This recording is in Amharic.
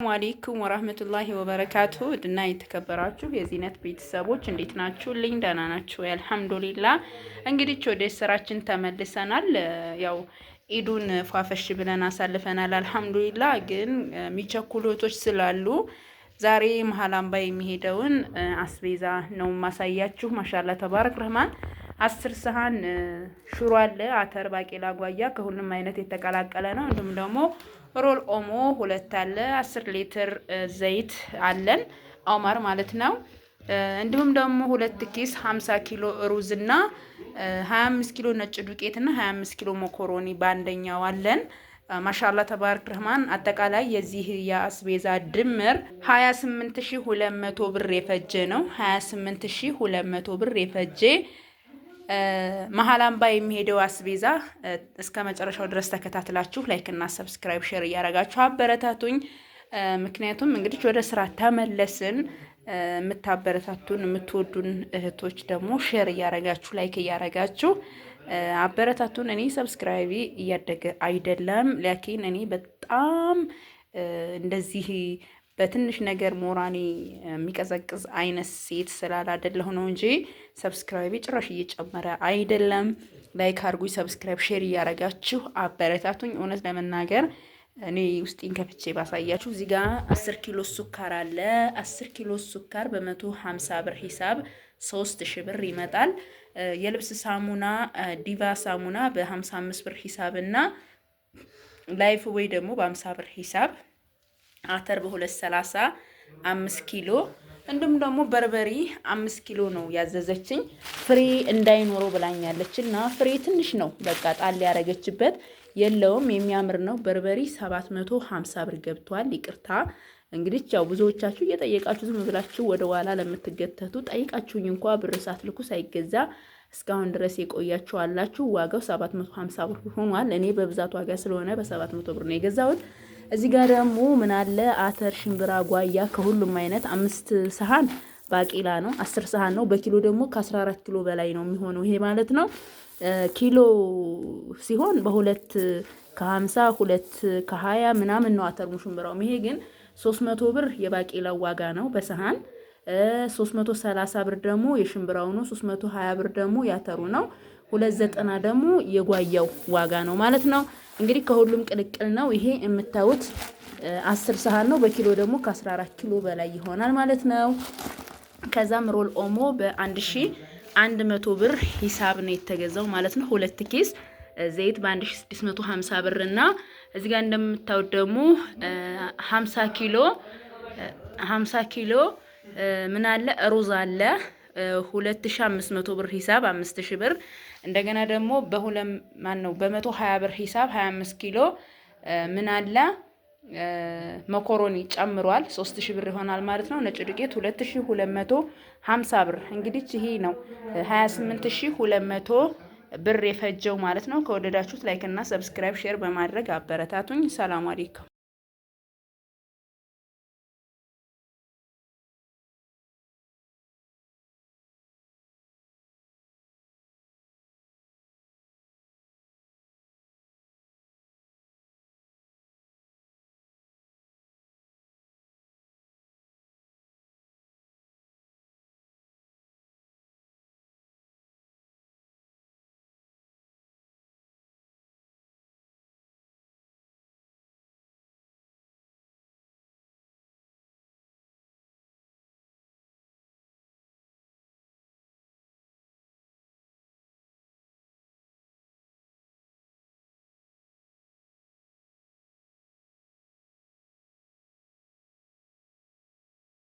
ሰላም አለይኩም ወራህመቱላሂ ወበረካቱ ድና የተከበራችሁ የዚህነት ቤተሰቦች እንዴት ናችሁ? ልኝ ደህና ናችሁ? አልሐምዱሊላ። እንግዲህ ወደ ስራችን ተመልሰናል። ያው ኢዱን ፏፈሽ ብለን አሳልፈናል። አልሐምዱሊላ። ግን የሚቸኩሎቶች ስላሉ ዛሬ መሀል አምባ የሚሄደውን አስቤዛ ነው ማሳያችሁ። ማሻላ ተባረክ ረህማን አስር ሰሀን ሽሮ አለ። አተር ባቄላ፣ ጓያ ከሁሉም አይነት የተቀላቀለ ነው። እንዲሁም ደግሞ ሮል ኦሞ ሁለት አለ። አስር ሊትር ዘይት አለን ኦማር ማለት ነው። እንዲሁም ደግሞ ሁለት ኪስ 50 ኪሎ ሩዝ እና 25 ኪሎ ነጭ ዱቄት እና 25 ኪሎ መኮሮኒ በአንደኛው አለን። ማሻላ ተባረክ ረህማን። አጠቃላይ የዚህ የአስቤዛ ድምር 28200 ብር የፈጀ ነው። 28200 ብር የፈጀ መሀል አምባ የሚሄደው አስቤዛ እስከ መጨረሻው ድረስ ተከታትላችሁ ላይክና ሰብስክራይብ ሼር እያደረጋችሁ አበረታቱኝ። ምክንያቱም እንግዲህ ወደ ስራ ተመለስን። የምታበረታቱን የምትወዱን እህቶች ደግሞ ሼር እያረጋችሁ ላይክ እያረጋችሁ አበረታቱን። እኔ ሰብስክራይቢ እያደገ አይደለም፣ ላኪን እኔ በጣም እንደዚህ በትንሽ ነገር ሞራኔ የሚቀዘቅዝ አይነት ሴት ስላላደለሁ ነው እንጂ ሰብስክራይብ ጭራሽ እየጨመረ አይደለም። ላይክ አድርጉ፣ ሰብስክራይብ፣ ሼር እያረጋችሁ አበረታቱኝ። እውነት ለመናገር እኔ ውስጤን ከፍቼ ባሳያችሁ። እዚህ ጋር አስር ኪሎ ሱካር አለ። አስር ኪሎ ሱካር በመቶ ሀምሳ ብር ሂሳብ ሶስት ሺ ብር ይመጣል። የልብስ ሳሙና ዲቫ ሳሙና በሀምሳ አምስት ብር ሂሳብ እና ላይፍ ወይ ደግሞ በሀምሳ ብር ሂሳብ አተር በሁለት ሰላሳ አምስት ኪሎ እንዲሁም ደግሞ በርበሪ አምስት ኪሎ ነው ያዘዘችኝ። ፍሬ እንዳይኖረው ብላኛለች እና ፍሬ ትንሽ ነው በቃ ጣል ያደረገችበት የለውም። የሚያምር ነው። በርበሪ ሰባት መቶ ሀምሳ ብር ገብቷል። ይቅርታ እንግዲህ ያው ብዙዎቻችሁ እየጠየቃችሁ ዝም ብላችሁ ወደ ኋላ ለምትገተቱ ጠይቃችሁኝ እንኳ ብር ሳትልኩ ሳይገዛ እስካሁን ድረስ የቆያችሁ አላችሁ። ዋጋው 750 ብር ሆኗል። እኔ በብዛት ዋጋ ስለሆነ በ700 ብር ነው የገዛሁት። እዚህ ጋር ደግሞ ምን አለ አተር፣ ሽምብራ፣ ጓያ ከሁሉም አይነት አምስት ሰሀን ባቂላ ነው። አስር ሰሀን ነው። በኪሎ ደግሞ ከ14 ኪሎ በላይ ነው የሚሆነው። ይሄ ማለት ነው ኪሎ ሲሆን በሁለት ከሀምሳ ሁለት ከሀያ ምናምን ነው አተር ሙሽምብራውም። ይሄ ግን ሶስት መቶ ብር የባቂላው ዋጋ ነው በሰሀን ሶስት መቶ ሰላሳ ብር ደግሞ የሽምብራው ነው። ሶስት መቶ ሀያ ብር ደግሞ ያተሩ ነው። ሁለት ዘጠና ደግሞ የጓያው ዋጋ ነው ማለት ነው። እንግዲህ ከሁሉም ቅልቅል ነው ይሄ የምታዩት አስር ሰሃን ነው። በኪሎ ደግሞ ከ14 ኪሎ በላይ ይሆናል ማለት ነው። ከዛም ሮል ኦሞ በ1100 ብር ሂሳብ ነው የተገዛው ማለት ነው። ሁለት ኪስ ዘይት በ1650 ብር እና እዚህ ጋር እንደምታዩት ደግሞ 50 ኪሎ 50 ኪሎ ምን አለ ሩዝ አለ 2500 ብር ሂሳብ 5000 ብር እንደገና ደግሞ በሁለ ማን ነው በ120 ብር ሂሳብ 25 ኪሎ ምን አለ መኮሮኒ ጨምሯል 3000 ብር ይሆናል ማለት ነው። ነጭ ዱቄት 2250 ብር እንግዲህ ይሄ ነው 28200 ብር የፈጀው ማለት ነው። ከወደዳችሁት ላይክ እና ሰብስክራይብ ሼር በማድረግ አበረታቱኝ። ሰላም አለይኩም